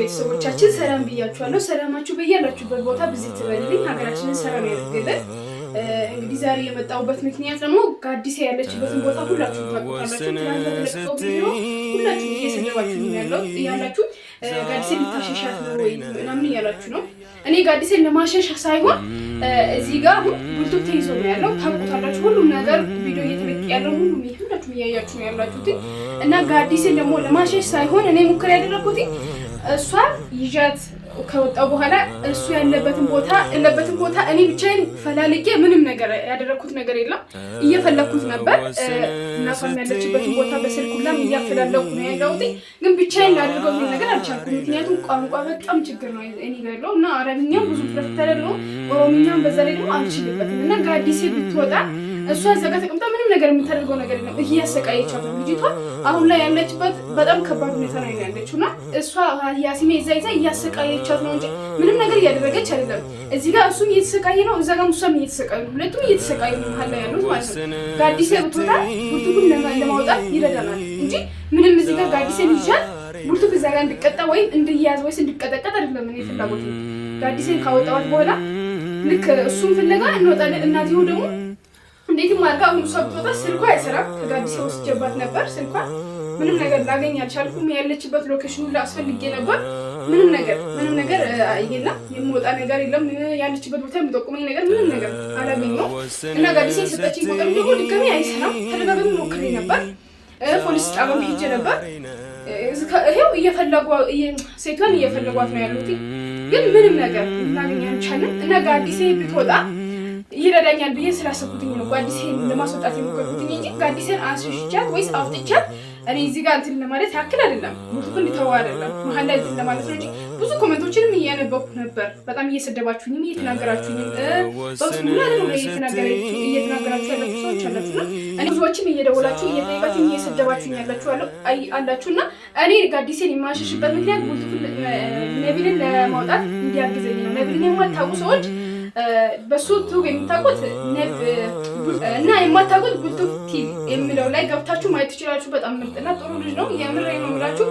ቤተሰቦቻችን ሰላም ብያችኋለሁ። ሰላማችሁ በያላችሁበት ቦታ ብዚህ ትበልልኝ። ሀገራችንን ሰላም ያድርግልን። እንግዲህ ዛሬ የመጣሁበት ምክንያት ደግሞ ከአዲስ ያለችበትን ቦታ ሁላችሁ ሁላችሁ እየሰደባችሁ ያለው ያላችሁ ጋዲሴ ልታሸሻት ወይ ምናምን እያላችሁ ነው እኔ ጋዲሴን አዲሴን ሳይሆን እዚህ ጋር አሁን ቡልቶ ተይዞ ነው ያለው። ታውቁታላችሁ፣ ሁሉም ነገር ቪዲዮ እየተለቀ ያለው ሁሉም ይሁንላችሁ እያያችሁ ነው ያላችሁት። እና ጋዲሴን አዲሴን ደግሞ ለማሸሽ ሳይሆን እኔ ሙከራ ያደረኩት እሷ ይዣት ከወጣው በኋላ እሱ ያለበትን ቦታ ያለበትን ቦታ እኔ ብቻዬን ፈላልጌ ምንም ነገር ያደረግኩት ነገር የለም። እየፈለግኩት ነበር። እናቷም ያለችበትን ቦታ በስልኩ ላም እያፈላለኩ ነው ያለሁት፣ ግን ብቻዬን ላድርገው ምን ነገር አልቻልኩ። ምክንያቱም ቋንቋ በጣም ችግር ነው እኔ ያለው እና አረብኛም ብዙ ተተለ ነው ኦሮምኛም፣ በዛ ላይ ደግሞ አልችልበትም እና ጋዲሴ ብትወጣ እሷ እዛ ጋ ተቀምጣ ምንም ነገር የምታደርገው ነገር የለም። እያሰቃየቻት ልጅቷ አሁን ላይ ያለችበት በጣም ከባድ ሁኔታ ላይ ያለችው እና እሷ ያሲሜ እዛ ይዛ እያሰቃየቻት ነው እንጂ ምንም ነገር እያደረገች አይደለም። እዚህ ጋር እሱም እየተሰቃየ ነው፣ እዛ ጋር ሙሷም እየተሰቃዩ ነው። ሁለቱም እየተሰቃዩ መሀል ላይ ያሉት ማለት ነው። ጋዲሴ ብቶታ ቡርቱኩን ለማውጣት ይረዳናል እንጂ ምንም እዚህ ጋር ጋዲሴ ይዣል ቡርቱክ እዛ ጋር እንድቀጣ ወይም እንድያዝ ወይስ እንድቀጠቀጥ አይደለም እኔ ፍላጎት። ጋዲሴን ካወጣዋት በኋላ ልክ እሱም ፍለጋ እንወጣለን። እናትየው ደግሞ እንዴትም አድርጋ ሁሉ ሰብጦታ ስልኳ አይሰራም። ከጋዲሴ ወስጄባት ነበር ስልኳ ምንም ነገር ላገኝ አልቻልኩም። ያለችበት ሎኬሽኑ ላስፈልጌ ነበር። ምንም ነገር ምንም ነገር የለም፣ የምወጣ ነገር የለም። ያለችበት ቦታ የሚጠቁመኝ ነገር ምንም ነገር አላገኘሁም እና ጋዲሴ የሰጠችኝ ቁጥር ደግሞ ድጋሜ አይሰራም። ተደጋጋሚ ሞክሬ ነበር፣ ፖሊስ ጣቢያም ሄጄ ነበር። ይኸው እየፈለጉ ሴቷን እየፈለጓት ነው ያሉት፣ ግን ምንም ነገር ላገኝ አልቻልንም እና ጋዲሴ ብትወጣ ይረዳኛል ብዬ ስላሰብኩትኝ ነው ጓዲሴን ለማስወጣት የሞከርኩትኝ እንጂ ጋዲሴን አስሽቻት ወይስ አውጥቻት እኔ እዚህ ጋር እንትን ለማለት ያክል አይደለም። ሙትኩ እንዲተው አይደለም መሀል ላይ ለማለት ነው እንጂ ብዙ ኮመንቶችንም እያነበኩ ነበር። በጣም እየሰደባችሁኝም እየተናገራችሁኝም እየተናገራችሁ ያላችሁ ሰዎች አላችሁ እና እኔ ብዙዎችም እየደወላችሁ እየጠየቃችሁ እየሰደባችሁኝ ያላችሁ አላችሁ እና እኔ ጋዲሴን የማሸሽበት ምክንያት ሙትኩ ነቢልን ለማውጣት እንዲያግዘኝ ነው። ነቢልን የማታውቁ ሰዎች በሱ ቱብ የምታውቁት እና የማታውቁት ቡልቱብ ቲቪ የሚለው ላይ ገብታችሁ ማየት ትችላችሁ። በጣም ምርጥና ጥሩ ልጅ ነው። የምር ነው የምላችሁ።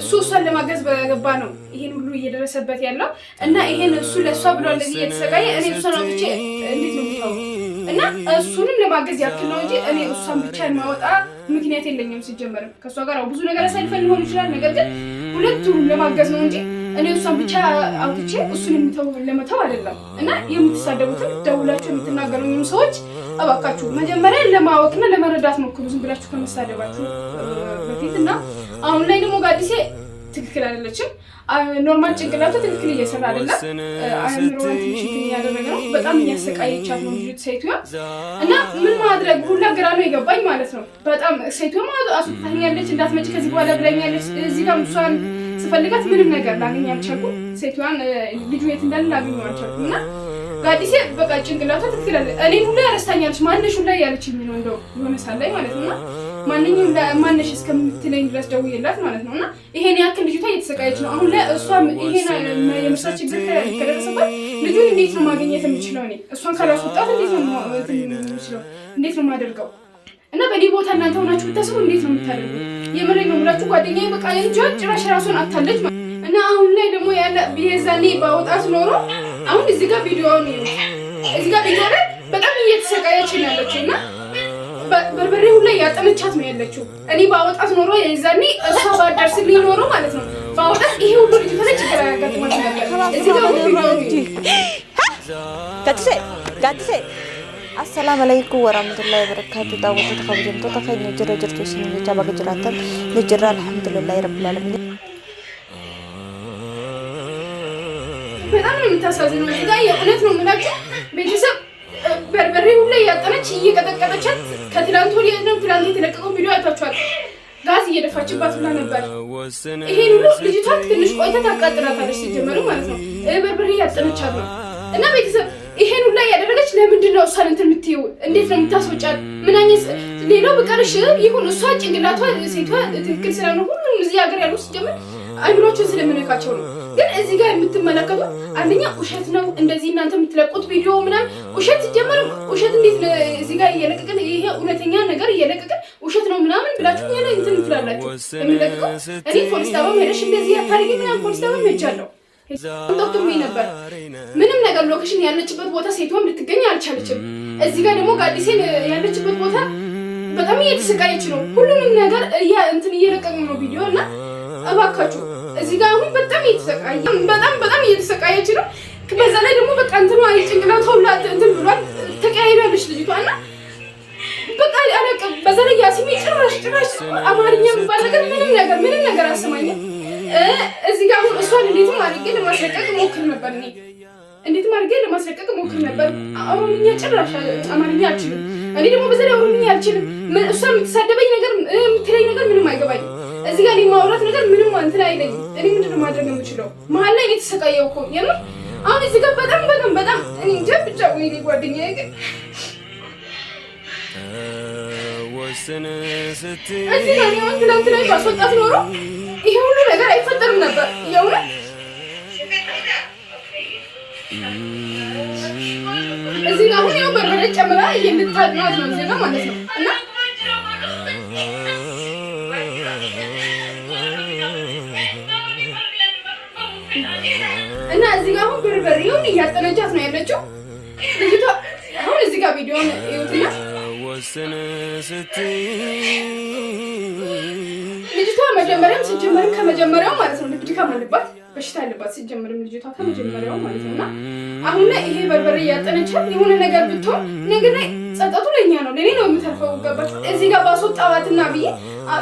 እሱ እሷን ለማገዝ በገባ ነው ይሄን ሁሉ እየደረሰበት ያለው እና ይሄን እሱ ለእሷ ብሎ እንደዚህ እየተሰቃየ እኔ እሷን አውጥቼ እንዴት ነው የሚታው እና እሱንም ለማገዝ ያክል ነው እንጂ እኔ እሷን ብቻ ማወጣ ምክንያት የለኝም። ሲጀመርም ከእሷ ጋር ብዙ ነገር አሳልፈን ሊሆን ይችላል። ነገር ግን ሁለቱም ለማገዝ ነው እንጂ እኔ እሷን ብቻ አውጥቼ እሱን የምተው ለመተው አይደለም። እና የምትሳደቡትን ደውላችሁ የምትናገሩኝም ሰዎች እባካችሁ መጀመሪያ ለማወቅና ለመረዳት ሞክሩ፣ ዝም ብላችሁ ከመሳደባችሁ በፊት እና አሁን ላይ ደግሞ ጋዲሴ ትክክል አይደለችም። ኖርማል ጭንቅላቱ ትክክል እየሰራ አይደለም። አእምሮ ያደረገ ነው። በጣም እያሰቃየቻት ነው ሴትዮዋ እና ምን ማድረግ ሁላ ግራ ነው የገባኝ ማለት ነው። በጣም ሴትዮ ሴትዮዋ አሱታኛለች እንዳትመጭ ከዚህ በኋላ ብላኛለች። እዚህ ጋር እሷን ስፈልጋት ምንም ነገር ላገኝ አልቻልኩም። ሴቷን ልጁ የት እንዳለ ላገኝ አልቻልኩም እና ጋዲሴ በቃ ጭንቅላቷ ትክክል እኔ ሁላ ያረስታኛለች ማነሽ ላይ ያለችኝ ነው እንደው የሆነ ሳል ላይ ማለት ነው እና ማንኛውም ማነሽ እስከምትለኝ ድረስ ደውዬላት ማለት ነው እና ይሄን ያክል ልጅቷ እየተሰቃየች ነው አሁን ላይ እሷም ይሄን የምሳት ችግር ከደረሰባት ልጁን እንዴት ነው ማግኘት የምችለው እኔ እሷን ካላስወጣት እንዴት ነው የምችለው እንዴት ነው የማደርገው እና በእኔ ቦታ እናንተ ሆናችሁ ብታስቡ እንዴት ነው የምታደርጉ? የምሬ ነው የምላችሁ ጓደኛ በቃ እንጂ ጭራሽ ራሱን አታለች እና አሁን ላይ ደግሞ ያለ የዛኔ በወጣት ኖሮ አሁን እዚህ ጋር ቪዲዮውን እዚህ ጋር ቢኖረ በጣም እየተሰቃያች ነው ያለችው እና በርበሬው ላይ ያጠነቻት ነው ያለችው። እኔ በአወጣት ኖሮ የዛኔ እሷ ባደርስልኝ ኖሮ ማለት ነው በአወጣት ይሄ ሁሉ ልጅ ተለጭ ገራጋት ማለት ነው እዚህ ጋር ሁሉ ጋትሴ አሰላም warahmatullahi wabarakatuh tawo ta khawjin to ta khayni jira jirtu sin ni jaba ke jiratan alhamdulillah alamin በጣም ነው የምታሳዝነው። እዛ የእውነት ነው የምላችሁ ቤተሰብ በርበሬ ሁላ እያጠነች እየቀጠቀጠቻት ከትላንት ወዲያ ነው። ትላንት የተለቀቀው ቪዲዮ አይታችኋል። ጋዝ እየደፋችባት ሁላ ነበር። ይሄን ሁሉ ልጅቷ ትንሽ ቆይታ ታቃጥላታለች። ሲጀመሩ ማለት ነው በርበሬ እያጠነቻት ነው እና ቤተሰብ ይሄን ሁላ እያደረገች ለምንድን ነው እሷን እንትን የምትይው? እንዴት ነው የምታስወጫት? ምን አይነት ሌላው በቀርሽ ይሁን እሷ ጭንቅላቷ ሴቷ ትክክል ስራ ነው። ሁሉም እዚህ ሀገር ያሉ ስጀምር አይምሮችን ስለምነካቸው ነው። ግን እዚህ ጋር የምትመለከቱ አንደኛ ውሸት ነው። እንደዚህ እናንተ የምትለቁት ቪዲዮ ምናምን ውሸት ሲጀመር ውሸት እንዴት እዚህ ጋር እየለቀቅን ይሄ እውነተኛ ነገር እየለቀቅን ውሸት ነው ምናምን ብላችሁ ያ እንትን ትላላችሁ። የሚለቅቀው እኔ ፖሊስ ጣቢያ ሄደሽ እንደዚህ ያታደርግ ምናምን ፖሊስ ጣቢያ ሄጃለሁ እንጦጦብኝ ነበር። ምንም ነገር ሎኬሽን ያለችበት ቦታ ሴቷም ልትገኝ አልቻለችም። እዚህ ጋር ደግሞ ጋዲሴን ያለችበት ቦታ በጣም እየተሰቃየች ነው። ሁሉንም ነገር እንትን እየለቀሙ ነው ቪዲዮ እና እባካችሁ እዚህ ጋር አሁን በጣም እየተሰቃየ በጣም በጣም እየተሰቃየች ነው። በዛ ላይ ደግሞ በቃ እንትኑ ጭንቅላት ሁላ እንትን ብሏል። ተቀያይዳለች ልጅቷ እና በቃ አላውቅም። በዛ ላይ ያሲሚ ጭራሽ ጭራሽ አማርኛ የሚባል ነገር ምንም ነገር ምንም ነገር አሰማኝም እዚህ ጋር አሁን እሷን እንዴትም አድርጌ ለማስለቀቅ ሞክር ነበር። እኔ እንዴትም አድርጌ ለማስለቀቅ ሞክር ነበር። ኦሮምኛ ጭራሽ አማርኛ አልችልም። እኔ ደግሞ በዛ ላይ ኦሮምኛ አልችልም። እሷ የምትሳደበኝ ነገር የምትለኝ ነገር ምንም አይገባኝ። እዚህ ጋር የማውራት ነገር ምንም እንትን አይለኝ። እኔ ምንድን ነው የምችለው? መሀል ላይ የተሰቃየው እኮ የምር አሁን እዚህ ጋር በጣም በጣም በጣም እኔ እንጃ ብቻ ወይ ጓደኛ ግን እዚህ ጋር ትናንት ላይ ባስወጣት ኖሮ ይሄ ነገር አይፈጠርም ነበር። የእውነት እዚህ ጋር አሁን ያው በርበሬ ጨምራ ነው እዚህ ጋር ማለት ነው እና እና እዚህ ጋር አሁን በርበሬውን እያጠነጃት ነው ያለችው ልጅቷ። አሁን እዚህ ጋር እዩትና ልጅቷ መጀመሪያም ሲጀመርም ከመጀመሪያው ማለት ነው ልጅ ድካም በሽታ ያለባት ሲጀመርም ልጅቷ ከመጀመሪያው ማለት ነው እና አሁን ላይ ይሄ በርበሬ እያጠነቻት የሆነ ነገር ብትሆን ነገር ላይ ጸጠቱ ለእኛ ነው ለእኔ ነው የምተርፈው። ገባች እዚህ ጋር ባስወጣዋት እና ብዬ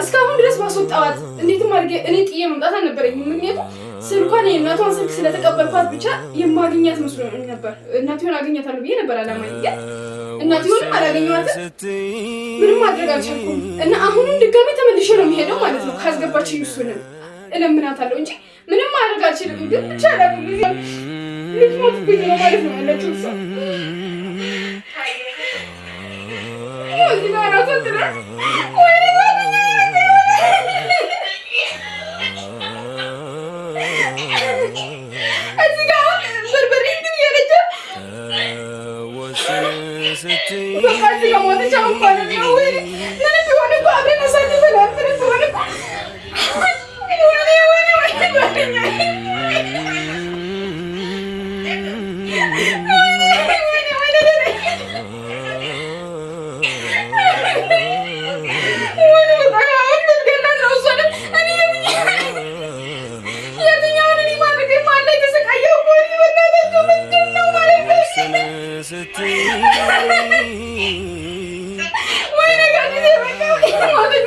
እስካሁን ድረስ ባስወጣዋት እንዴትም አድርጌ እኔ ጥዬ መምጣት አልነበረኝም። ምክንያቱም ስልኳን የእናቷን ስልክ ስለተቀበልኳት ብቻ የማግኛት መስሎ ነበር። እናትሆን አገኛታለሁ ብዬ ነበር አላማ ግን እናቴ ምንም አላገኘኋትም፣ ምንም ማድረግ አልቻልኩም። እና አሁንም ድጋሜ ተመልሼ ነው የሚሄደው ማለት ነው። ካስገባች እሱንም እለምናታለሁ እንጂ ምንም ማድረግ አልችልም። ግን ብቻ ልጅ ልትሞትብኝ ነው ማለት ነው ያለችው እሷ እዚህ ነው እራሷን 我的小火的没有 Oh, I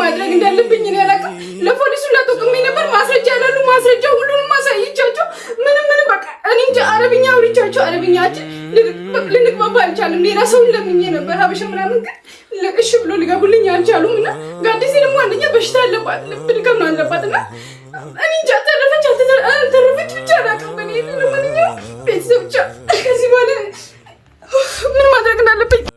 ማድረግ እንዳለብኝ እኔ አላውቅም። ለፖሊሱ ላጠቁሜ ነበር። ማስረጃ ያላሉ ማስረጃ ሁሉንም አሳይቻቸው። ምንም ምንም በቃ እኔ እንጃ። አረብኛ አውሪቻቸው። አረብኛችን ልንግባባ አልቻልም። ሌላ ሰውን ለምኜ ነበር። ሀበሻ ምናምን ግን እሺ ብሎ ሊገቡልኝ አልቻሉም። እና ጋዲሴ ደግሞ አንደኛ በሽታ አለባት፣ ልብ ድካም ነው አለባት እና እኔ እንጃ ተረፈች አልተረፈች ብቻ አላውቅም። በኔ ለማንኛውም ቤተሰብ ብቻ ከዚህ በኋላ ምን ማድረግ እንዳለብኝ